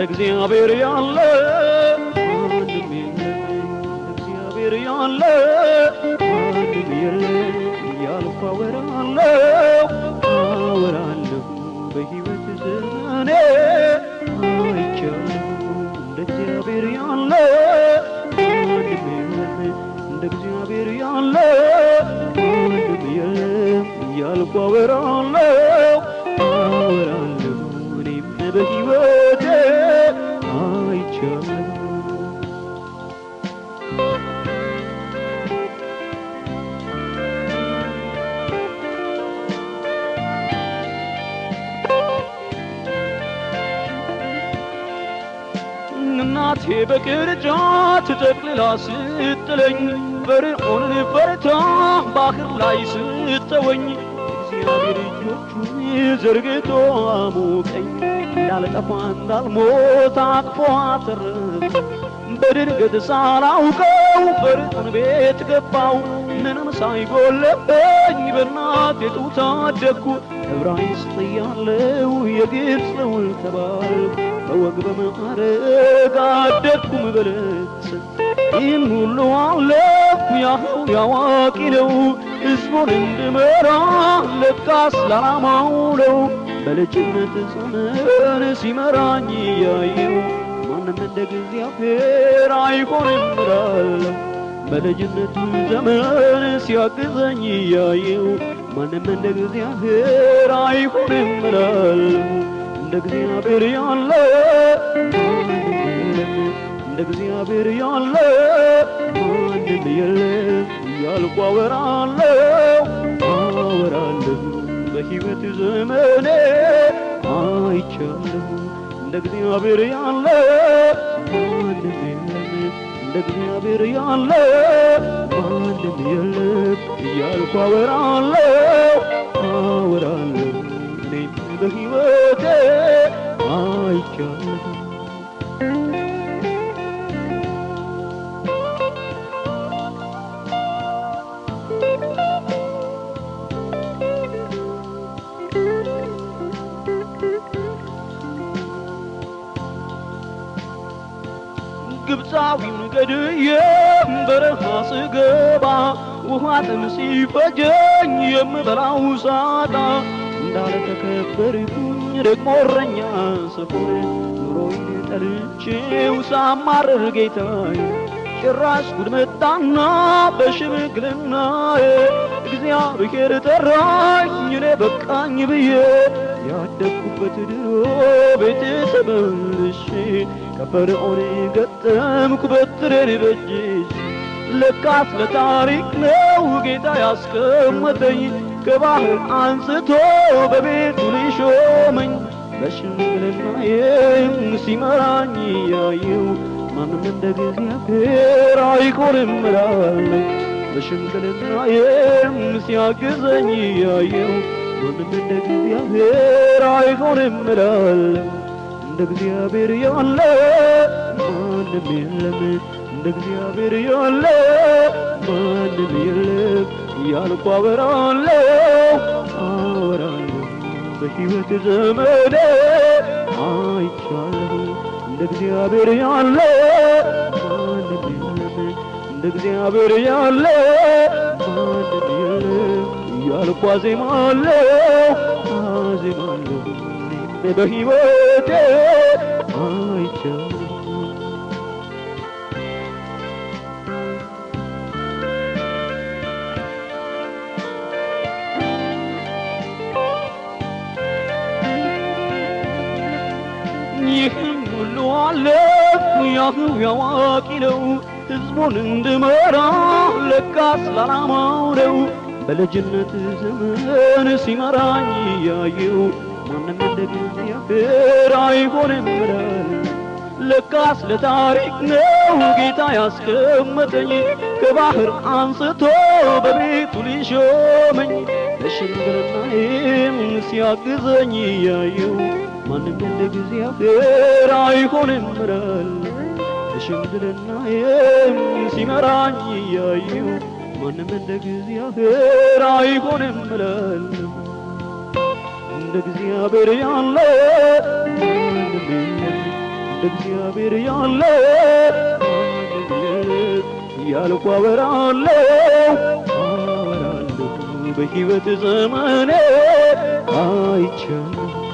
እንደ እግዚአብሔር ያለ ማንም እግዚአብሔር ያለ ማንም የለም እያልኩ አወራለሁ አወራለሁ በሕይወት ዘመኔ አይቻለሁ እንደ እግዚአብሔር ያለ ማንም የለም፣ እንደ እግዚአብሔር ያለ ማንም የለም እያልኩ አወራለሁ አወራለሁ እኔም በሕይወት እናቴ በቅርጫ ተጠቅልላ ስትጥለኝ በርቁን ፈርታ ባህር ላይ ስተወኝ እግዚአብሔር እጆቹን ዘርግቶ አሞቀኝ እንዳልጠፋ እንዳልሞት አቅፎ አተረፈኝ። በድንገት ሳላውቀው ፈርዖን ቤት ገባው ምንም ሳይጎለበኝ በእናቴ ጡት አደግኩ። ዕብራይስጥ እያለሁ የግብፅ ልውል ተባልኩ። በወግ በማዕረግ አደግኩም በለት ይህን ሁሉ አለፍ ያኸው ያዋቂ ነው ሕዝቡን እንድመራ ለካስ ለዓላማው ነው። በልጅነት ዘመን ሲመራኝ እያየው ማንም እንደ እግዚአብሔር አይሆንም እላለሁ። በልጅነቱ ዘመን ሲያግዘኝ እያየው ማንም እንደ እግዚአብሔር አይሆንም እላለሁ። እንደ እግዚአብሔር ያለ እንደ እግዚአብሔር ያለ ማንም የለ እያልኩ አወራለሁ አወራለሁ በሕይወት ዘመኔ አይቻለሁ እንደ እግዚአብሔር ያለ ማንም እንደ እግዚአብሔር ያለ ማንም እያልኩ አወራለሁ አወራለሁ እኔ በሕይወቴ አይቻለሁ ግብፃዊውን ገድዬም በረሃ ስገባ ውሃ ጥም ሲፈጀኝ የምበላው ሳጣ እንዳለ ተከበርኩኝ ደግሞ እረኛ ሰፈር ኑሮ ጠልቼው ሳማርር ጌታዬ ጭራሽ ጉድ መጣና በሽምግልናዬ እግዚአብሔር ጠራኝ እኔ በቃኝ ብዬ ያደኩበት ድሮ ቤቴ ተመልሼ ከፈርዖን ገጠምኩ በትሬን በጄ ለካስ ለታሪክ ነው ጌታ ያስቀመጠኝ ከባህር አንስቶ በቤቱ ሊሾመኝ በሽምግልናዬ ሲመራኝ እያየው ማንም እንደ እግዚአብሔር አይቆርም እላለሁ በሽምግልናዬ ሲያግዘኝ እያየው ወንድም እንደ እግዚአብሔር አይሆንም እላለሁ። እንደ እግዚአብሔር ያለ ማንም የለም፣ እንደ እግዚአብሔር ያለ ማንም የለም እያልኩ አወራለሁ አወራለሁ በሕይወት ዘመዴ አይቻለሁ። እንደ እግዚአብሔር ያለ ማንም የለም፣ እንደ እግዚአብሔር ያለ ማንም የለም እያልኩ አዜማለሁ አዜማለሁ በህይወቴ አይቻለሁ ይህም ሁሉ አለፉ ነው ህዝቡን እንድመራ ለካስ ለዓላማው ነው በልጅነት ዘመን ሲመራኝ ያየው ማንም እንደ እግዚአብሔር አይሆንም ለካስ ለታሪክ ነው ጌታ ያስቀመጠኝ ከባህር አንስቶ በቤቱ ሊሾመኝ ለሽምግልናዬም ሲያግዘኝ ያየው ማንም እንደ እግዚአብሔር አይሆንም እላለሁ ለሽምግልናዬም ሲመራኝ ያየው ማንም እንደ እግዚአብሔር አይሆንም እላለሁ። እንደ እግዚአብሔር ያለ እንደ እግዚአብሔር ያለ እያልኩ አወራለሁ አወራለሁ በሕይወት ዘመኔ አይቻለሁ